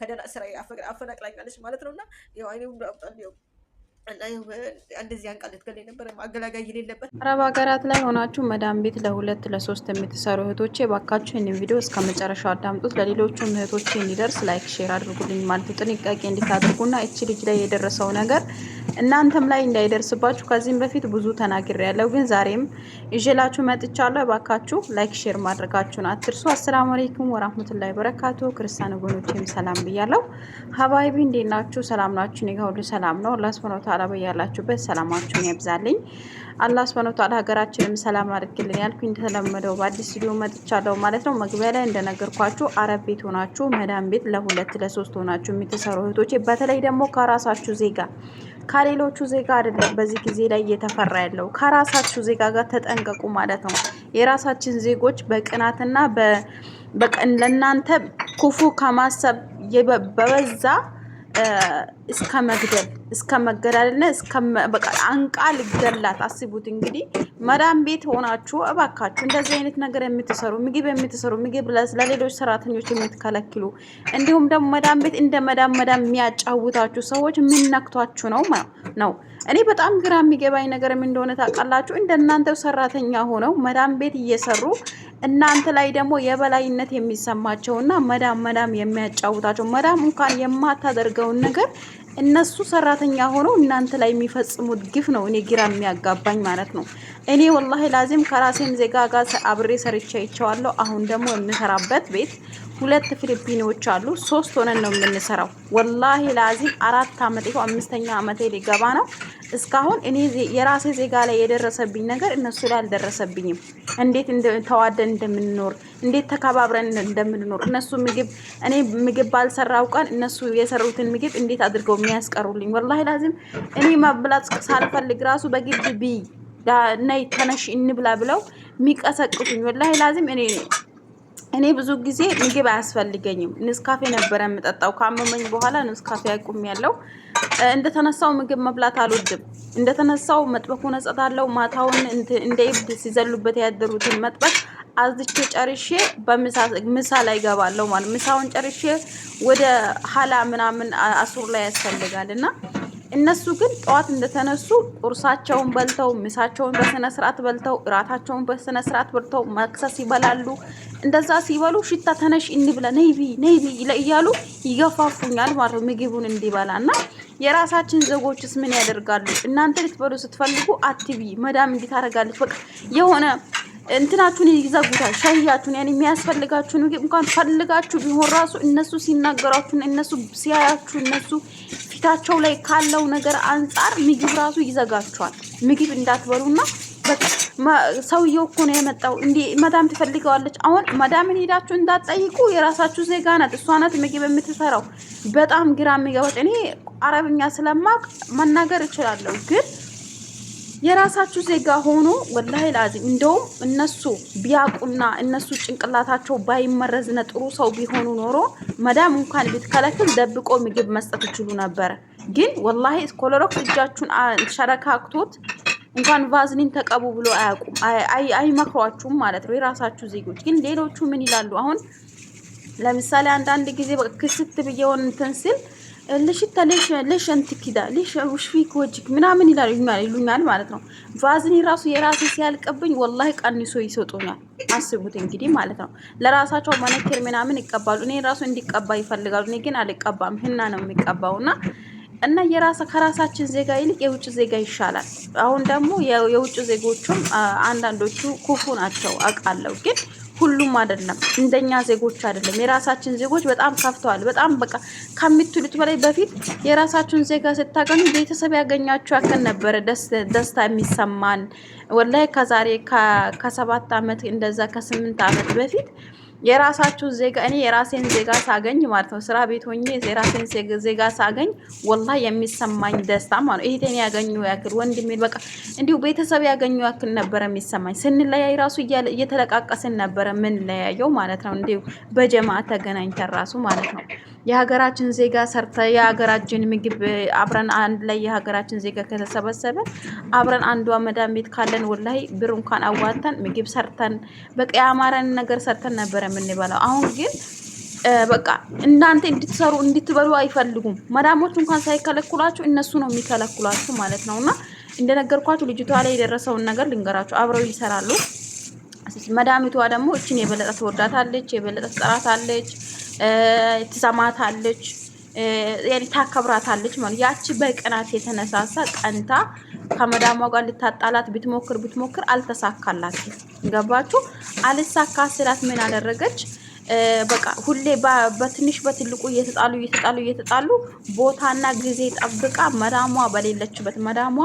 ከደህና ስራ አፈናቅላኛለች ማለት ነው እና ያው አይኔ ሁሉ አብጣል እንደዚህ አንቃለት ገ ነበረ አገላጋይ የሌለበት አረብ ሀገራት ላይ ሆናችሁ መዳም ቤት ለሁለት ለሶስት የምትሰሩ እህቶቼ ባካችሁ ይህንን ቪዲዮ እስከ መጨረሻው አዳምጡት። ለሌሎቹም እህቶቼ እንዲደርስ ላይክ፣ ሼር አድርጉልኝ ማለት ጥንቃቄ እንዲታደርጉና እቺ ልጅ ላይ የደረሰው ነገር እናንተም ላይ እንዳይደርስባችሁ ከዚህም በፊት ብዙ ተናግሬያለሁ፣ ግን ዛሬም ይዤላችሁ መጥቻለሁ። እባካችሁ ላይክ፣ ሼር ማድረጋችሁን አትርሱ። አሰላሙ አለይኩም ወራህመቱላሂ በረካቱ። ክርስቲያን ወገኖቼም ሰላም ብያለሁ። ሀባይቢ እንዴት ናችሁ? ሰላም ናችሁ? እኔ ጋር ሁሉ ሰላም ነው። አላህ ሱብሃነሁ ወተዓላ በያላችሁበት ሰላማችሁን ያብዛልኝ። አላህ ሱብሃነሁ ወተዓላ ሀገራችንም ሰላም አድርግልን ያልኩኝ እንደተለመደው በአዲስ ስቱዲዮ መጥቻለሁ ማለት ነው። መግቢያ ላይ እንደነገርኳችሁ አረብ ቤት ሆናችሁ መዳም ቤት ለሁለት ለሶስት ሆናችሁ የምትሰሩ እህቶቼ በተለይ ደግሞ ከራሳችሁ ዜጋ ከሌሎቹ ዜጋ አይደለም በዚህ ጊዜ ላይ እየተፈራ ያለው ከራሳችሁ ዜጋ ጋር ተጠንቀቁ ማለት ነው። የራሳችን ዜጎች በቅናትና በቀን ለእናንተ ክፉ ከማሰብ በበዛ እስከ መግደል እስከ መገዳደልና እስከ በቃ አንቃ ልገላት። አስቡት እንግዲህ መዳም ቤት ሆናችሁ እባካችሁ እንደዚህ አይነት ነገር የምትሰሩ ምግብ የምትሰሩ ምግብ ለሌሎች ሰራተኞች የምትከለክሉ እንዲሁም ደግሞ መዳም ቤት እንደ መዳም መዳም የሚያጫውታችሁ ሰዎች የምነክቷችሁ ነው ነው። እኔ በጣም ግራ የሚገባኝ ነገር እንደሆነ ታውቃላችሁ? እንደናንተው ሰራተኛ ሆነው መዳም ቤት እየሰሩ እናንተ ላይ ደግሞ የበላይነት የሚሰማቸውና መዳም መዳም የሚያጫውታቸው መዳም እንኳን የማታደርገውን ነገር እነሱ ሰራተኛ ሆነው እናንተ ላይ የሚፈጽሙት ግፍ ነው እኔ ግራ የሚያጋባኝ ማለት ነው። እኔ ወላሂ ላዚም ከራሴም ዜጋ ጋር አብሬ ሰርቼ ይቸዋለሁ። አሁን ደግሞ የምሰራበት ቤት ሁለት ፊሊፒኖች አሉ። ሶስት ሆነን ነው የምንሰራው። ወላሂ ላዚም አራት አመት ይኸው አምስተኛ አመቴ ሊገባ ነው። እስካሁን እኔ የራሴ ዜጋ ላይ የደረሰብኝ ነገር እነሱ ላይ አልደረሰብኝም። እንዴት ተዋደን እንደምንኖር እንዴት ተከባብረን እንደምንኖር እነሱ ምግብ እኔ ምግብ ባልሰራው ቀን እነሱ የሰሩትን ምግብ እንዴት አድርገው የሚያስቀሩልኝ ወላሂ ላዚም እኔ መብላት ሳልፈልግ ራሱ በግድ ብይ ነይ ተነሽ እንብላ ብለው የሚቀሰቅሱኝ ወላሂ ላዚም እኔ ነኝ። እኔ ብዙ ጊዜ ምግብ አያስፈልገኝም። ንስካፌ ነበረ የምጠጣው። ካመመኝ በኋላ ንስካፌ አይቁም ያለው እንደተነሳው ምግብ መብላት አልወድም። እንደተነሳው መጥበኩን እጸታለሁ። ማታውን እንደ እብድ ሲዘሉበት ያደሩትን መጥበቅ አዝቼ ጨርሼ በምሳ ላይ ገባለሁ ማለት ምሳውን ጨርሼ ወደ ሀላ ምናምን አሱር ላይ ያስፈልጋል እና እነሱ ግን ጠዋት እንደተነሱ ቁርሳቸውን በልተው ምሳቸውን በስነ ስርዓት በልተው እራታቸውን በስነ ስርዓት በልተው መክሰስ ይበላሉ። እንደዛ ሲበሉ ሽታ ተነሽ እንብላ ነይቢ ነይቢ እያሉ ይገፋፉኛል ማለት ነው ምግቡን እንዲበላ እና የራሳችን ዘጎችስ ምን ያደርጋሉ? እናንተ ልትበሉ ስትፈልጉ አትቢ መዳም እንዲህ በቃ የሆነ እንትናችሁን ይዘጉታል። ሻያችሁን ያን የሚያስፈልጋችሁን ምግብ እንኳን ፈልጋችሁ ቢሆን ራሱ እነሱ ሲናገሯችሁን፣ እነሱ ሲያያችሁ፣ እነሱ ፊታቸው ላይ ካለው ነገር አንጻር ምግብ ራሱ ይዘጋቸዋል። ምግብ እንዳትበሉና ሰውየው እኮ ነው የመጣው። እንዲ መዳም ትፈልገዋለች። አሁን መዳምን ሄዳችሁ እንዳትጠይቁ፣ የራሳችሁ ዜጋ ናት። እሷ ናት ምግብ የምትሰራው። በጣም ግራ የሚገባች እኔ አረብኛ ስለማቅ መናገር እችላለሁ ግን የራሳችሁ ዜጋ ሆኖ ወላሂ ላዚ እንደውም እነሱ ቢያውቁና እነሱ ጭንቅላታቸው ባይመረዝነ ጥሩ ሰው ቢሆኑ ኖሮ መዳም እንኳን ቢትከለክል ደብቆ ምግብ መስጠት ይችሉ ነበር። ግን ወላሂ ኮሎሮክስ እጃችሁን ሸረካክቶት እንኳን ቫዝሊን ተቀቡ ብሎ አያውቁም፣ አይመክሯችሁም ማለት ነው። የራሳችሁ ዜጎች ግን ሌሎቹ ምን ይላሉ? አሁን ለምሳሌ አንዳንድ ጊዜ ክስት ብየውን እንትን ስል ልሽታ ልሽ እንትኪዳ ልሽ ውሽፊክ ወጅክ ምናምን ይሉኛል ማለት ነው። ቫዝኒ ራሱ የራሴ ሲያልቅብኝ ወላሂ ቀንሶ ይሰጡኛል። አስቡት እንግዲህ ማለት ነው። ለራሳቸው መነክር ምናምን ይቀባሉ። እኔ ራሱ እንዲቀባ ይፈልጋሉ። እኔ ግን አልቀባም፣ ህና ነው የሚቀባው እና እና የራሳ ከራሳችን ዜጋ ይልቅ የውጭ ዜጋ ይሻላል። አሁን ደግሞ የውጭ ዜጎቹም አንዳንዶቹ ክፉ ናቸው አውቃለሁ ግን ሁሉም አይደለም፣ እንደኛ ዜጎች አይደለም። የራሳችን ዜጎች በጣም ከፍተዋል። በጣም በቃ ከምትሉት በላይ በፊት የራሳችሁን ዜጋ ስታገኙ ቤተሰብ ያገኛችሁ ያክል ነበረ ደስታ የሚሰማን ወላይ ከዛሬ ከሰባት ዓመት እንደዛ ከስምንት ዓመት በፊት የራሳችሁ ዜጋ እኔ የራሴን ዜጋ ሳገኝ ማለት ነው ስራ ቤት ሆኜ የራሴን ዜጋ ሳገኝ ወላ የሚሰማኝ ደስታ ማለት ነው ይሄን ያገኙ ያክል ወንድሜን በቃ እንዲሁ ቤተሰብ ያገኙ ያክል ነበረ የሚሰማኝ። ስንለያይ ራሱ እየተለቃቀስን ነበረ ምን ማለት ነው እንዲሁ በጀማ ተገናኝተን ራሱ ማለት ነው የሀገራችን ዜጋ ሰርተ የሀገራችን ምግብ አብረን አንድ ላይ የሀገራችን ዜጋ ከተሰበሰበ አብረን አንዷ መዳን ቤት ካለን ወላይ ብር እንኳን አዋተን ምግብ ሰርተን በቃ የአማረን ነገር ሰርተን ነበረ የምንበላው። አሁን ግን በቃ እናንተ እንድትሰሩ እንድትበሉ አይፈልጉም። መዳሞች እንኳን ሳይከለክሏችሁ እነሱ ነው የሚከለክሏችሁ ማለት ነው። እና እንደነገርኳችሁ ልጅቷ ላይ የደረሰውን ነገር ልንገራችሁ። አብረው ይሰራሉ። መዳሚቷ ደግሞ እችን የበለጠ ትወዳታለች፣ የበለጠ ትጠራታለች። ትሰማታለች፣ ታከብራታለች ማለት ያቺ በቅናት የተነሳሳ ቀንታ ከመዳሟ ጋር ልታጣላት ብትሞክር ብትሞክር አልተሳካላት ገባችሁ? አልሳካ ስላት ምን አደረገች? በቃ ሁሌ በትንሽ በትልቁ እየተጣሉ እየተጣሉ እየተጣሉ ቦታና ጊዜ ጠብቃ መዳሟ በሌለችበት መዳሟ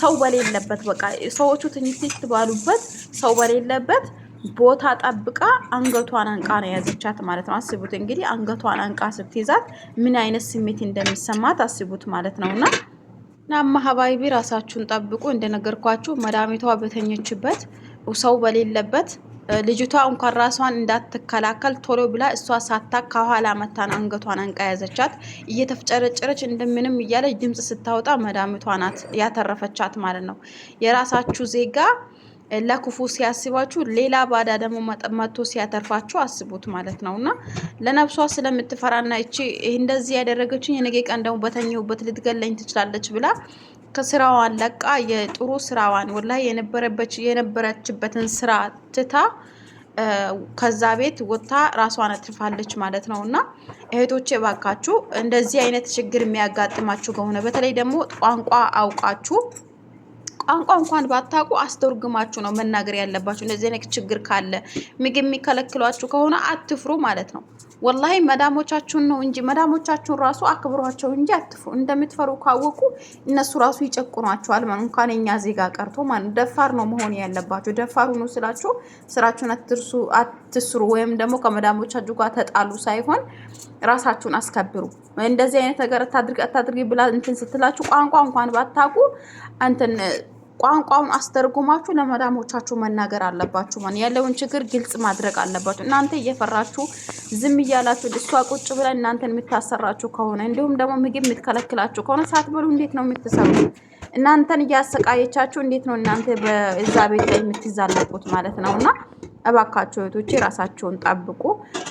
ሰው በሌለበት በቃ ሰዎቹ ትንሽ ባሉበት ሰው በሌለበት ቦታ ጠብቃ አንገቷን አንቃ ነው የያዘቻት ማለት ነው። አስቡት እንግዲህ አንገቷን አንቃ ስትይዛት ምን አይነት ስሜት እንደሚሰማት አስቡት ማለት ነውና እና ማህባይቢ ራሳችሁን ጠብቁ። እንደነገርኳችሁ መዳሚቷ በተኘችበት ሰው በሌለበት ልጅቷ እንኳን ራሷን እንዳትከላከል ቶሎ ብላ እሷ ሳታ ከኋላ መታን አንገቷን አንቃ ያዘቻት። እየተፍጨረጨረች እንደምንም እያለች ድምፅ ስታወጣ መዳሚቷ ናት ያተረፈቻት ማለት ነው። የራሳችሁ ዜጋ ለክፉ ሲያስባችሁ ሌላ ባዳ ደግሞ መጥቶ ሲያተርፋችሁ አስቡት ማለት ነው። እና ለነብሷ ስለምትፈራና እቺ እንደዚህ ያደረገችን የነገ ቀን ደግሞ በተኘሁበት ልትገለኝ ትችላለች ብላ ከስራዋን ለቃ የጥሩ ስራዋን ወላ የነበረችበትን ስራ ትታ ከዛ ቤት ወጥታ ራሷን አትርፋለች ማለት ነው። እና እህቶቼ ባካችሁ እንደዚህ አይነት ችግር የሚያጋጥማችሁ ከሆነ በተለይ ደግሞ ቋንቋ አውቃችሁ ቋንቋ እንኳን ባታውቁ አስተርግማችሁ ነው መናገር ያለባችሁ። እንደዚህ አይነት ችግር ካለ ምግብ የሚከለክሏችሁ ከሆነ አትፍሩ ማለት ነው። ወላሂ መዳሞቻችሁን ነው እንጂ መዳሞቻችሁን ራሱ አክብሯቸው እንጂ አትፍሩ። እንደምትፈሩ ካወቁ እነሱ ራሱ ይጨቁኗችኋል። እንኳን የኛ ዜጋ ቀርቶ ማለት ደፋር ነው መሆን ያለባችሁ። ደፋር ሁኑ ስላችሁ ስራችሁን አትርሱ፣ አትስሩ ወይም ደግሞ ከመዳሞቻችሁ ጋር ተጣሉ ሳይሆን ራሳችሁን አስከብሩ። እንደዚህ አይነት ነገር አታድርግ ብላ እንትን ስትላችሁ ቋንቋ እንኳን ባታውቁ እንትን ቋንቋውን አስተርጉማችሁ ለመዳሞቻችሁ መናገር አለባችሁ። ማን ያለውን ችግር ግልጽ ማድረግ አለባችሁ። እናንተ እየፈራችሁ ዝም እያላችሁ እሷ ቁጭ ብላ እናንተን የምታሰራችሁ ከሆነ እንዲሁም ደግሞ ምግብ የምትከለክላችሁ ከሆነ ሳትበሉ እንዴት ነው የምትሰሩ? እናንተን እያሰቃየቻችሁ እንዴት ነው እናንተ በዛ ቤት ላይ የምትዛለቁት ማለት ነው እና እባካቸው እህቶቼ ራሳቸውን ጠብቁ።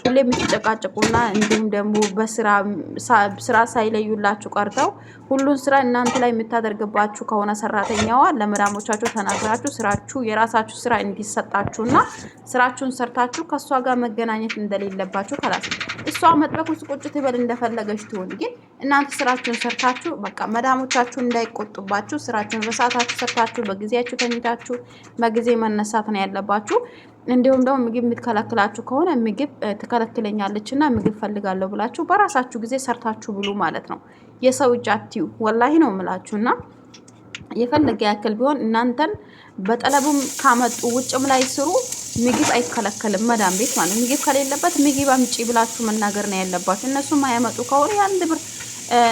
ሁሌ የምትጨቃጨቁና እንዲሁም ደግሞ በስራ ሳይለዩላችሁ ቀርተው ሁሉን ስራ እናንተ ላይ የምታደርግባችሁ ከሆነ ሰራተኛዋ ለመዳሞቻችሁ ተናግራችሁ ስራችሁ የራሳችሁ ስራ እንዲሰጣችሁና ስራችሁን ሰርታችሁ ከእሷ ጋር መገናኘት እንደሌለባችሁ ከላስ እሷ መጥበቅ ውስጥ ቁጭ ትበል እንደፈለገች ትሆን፣ ግን እናንተ ስራችሁን ሰርታችሁ በቃ መዳሞቻችሁ እንዳይቆጡባችሁ ስራችሁን በሰዓታችሁ ሰርታችሁ በጊዜያችሁ ተኝታችሁ በጊዜ መነሳት ነው ያለባችሁ። እንዲሁም ደግሞ ምግብ የምትከለክላችሁ ከሆነ ምግብ ትከለክለኛለች እና ምግብ ፈልጋለሁ ብላችሁ በራሳችሁ ጊዜ ሰርታችሁ ብሉ ማለት ነው። የሰው እጅ አትዩ፣ ወላሂ ነው የምላችሁ እና የፈለገ ያክል ቢሆን እናንተን በጠለቡም ካመጡ ውጭም ላይ ስሩ፣ ምግብ አይከለከልም። መዳም ቤት ማለት ምግብ ከሌለበት ምግብ አምጪ ብላችሁ መናገር ነው ያለባችሁ። እነሱ ማያመጡ ከሆነ የአንድ ብር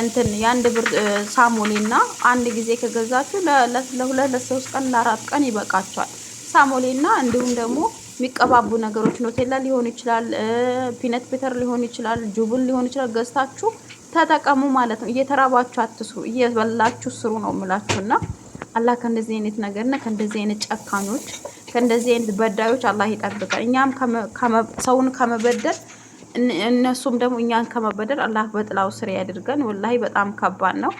እንትን የአንድ ብር ሳሞሌና አንድ ጊዜ ከገዛችሁ ለሁለት ለሶስት ቀን ለአራት ቀን ይበቃችኋል። ሳሞሌና እንዲሁም ደግሞ የሚቀባቡ ነገሮች ኖቴላ ሊሆን ይችላል፣ ፒነት ቤተር ሊሆን ይችላል፣ ጁቡን ሊሆን ይችላል። ገዝታችሁ ተጠቀሙ ማለት ነው። እየተራባችሁ አትስሩ፣ እየበላችሁ ስሩ ነው የምላችሁ እና አላህ ከእንደዚህ አይነት ነገርና ከእንደዚህ አይነት ጨካኞች ከእንደዚህ አይነት በዳዮች አላህ ይጠብቃል እኛም ሰውን ከመበደል እነሱም ደግሞ እኛን ከመበደል አላህ በጥላው ስር ያድርገን። ወላሂ በጣም ከባድ ነው።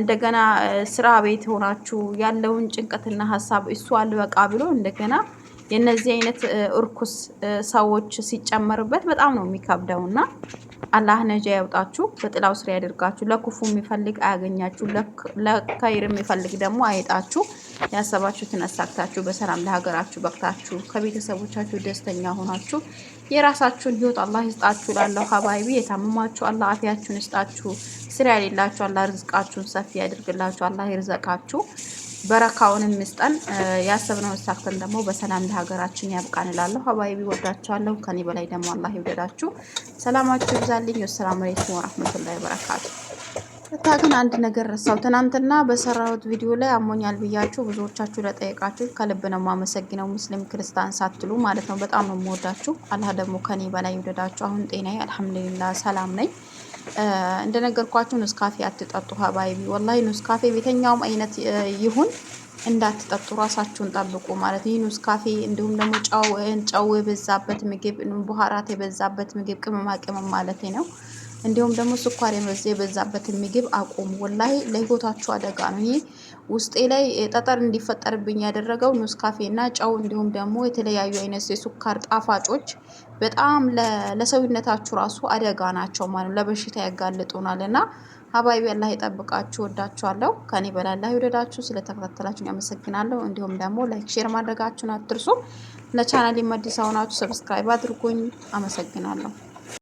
እንደገና ስራ ቤት ሆናችሁ ያለውን ጭንቀትና ሀሳብ እሱ አልበቃ ብሎ እንደገና የእነዚህ አይነት እርኩስ ሰዎች ሲጨመርበት በጣም ነው የሚከብደው እና አላህ ነጃ ያውጣችሁ፣ በጥላው ስር ያደርጋችሁ። ለክፉ የሚፈልግ አያገኛችሁ፣ ለከይር የሚፈልግ ደግሞ አይጣችሁ። ያሰባችሁትን አሳክታችሁ በሰላም ለሀገራችሁ በቅታችሁ ከቤተሰቦቻችሁ ደስተኛ ሆናችሁ የራሳችሁን ህይወት አላህ ይስጣችሁ። ላለው ሀባይቢ የታመማችሁ አላህ አፊያችሁን ይስጣችሁ። ስራ የሌላችሁ አላህ ርዝቃችሁን ሰፊ ያድርግላችሁ። አላህ ይርዘቃችሁ። በረካውን ምስጠን ያሰብነውን ሳክተን ደግሞ በሰላም ለሀገራችን ያብቃን እላለሁ። ሀባይቢ ወዳችኋለሁ። ከኔ በላይ ደግሞ አላህ ይውደዳችሁ። ሰላማችሁ ይብዛልኝ። ወሰላሙ አለይኩም ወረህመቱላሂ ወበረካቱ እታ ግን አንድ ነገር ረሳው። ትናንትና በሰራሁት ቪዲዮ ላይ አሞኛል ብያችሁ ብዙዎቻችሁ ለጠየቃችሁ ከልብ ነው የማመሰግነው። ሙስሊም ክርስቲያን ሳትሉ ማለት ነው። በጣም ነው የምወዳችሁ። አላህ ደግሞ ከኔ በላይ ይውደዳችሁ። አሁን ጤናዬ አልሐምዱሊላህ ሰላም ነኝ። እንደነገርኳችሁ ኑስካፌ አትጠጡ ሀባይቢ። ወላሂ ኑስካፌ ቤተኛውም አይነት ይሁን እንዳትጠጡ ራሳችሁን ጠብቁ ማለት ነው። ይህ ኑስካፌ እንዲሁም ደግሞ ጨው የበዛበት ምግብ፣ ቡሃራት የበዛበት ምግብ ቅመማ ቅመም ማለት ነው እንዲሁም ደግሞ ስኳር የበዛበትን ምግብ አቁሙ። ወላሂ ለህይወታችሁ አደጋ ነው። ይህ ውስጤ ላይ ጠጠር እንዲፈጠርብኝ ያደረገው ኑስካፌ እና ጨው እንዲሁም ደግሞ የተለያዩ አይነት የስኳር ጣፋጮች በጣም ለሰውነታችሁ ራሱ አደጋ ናቸው ማለት ነው። ለበሽታ ያጋልጡናል እና ሀባይቢ አላህ ይጠብቃችሁ። ወዳችኋለሁ። ከኔ በላይ አላህ ይውደዳችሁ። ስለተከታተላችሁን ያመሰግናለሁ። እንዲሁም ደግሞ ላይክ፣ ሼር ማድረጋችሁን አትርሱ። ለቻናል የመዲስ አሁናችሁ ሰብስክራይብ አድርጉኝ። አመሰግናለሁ።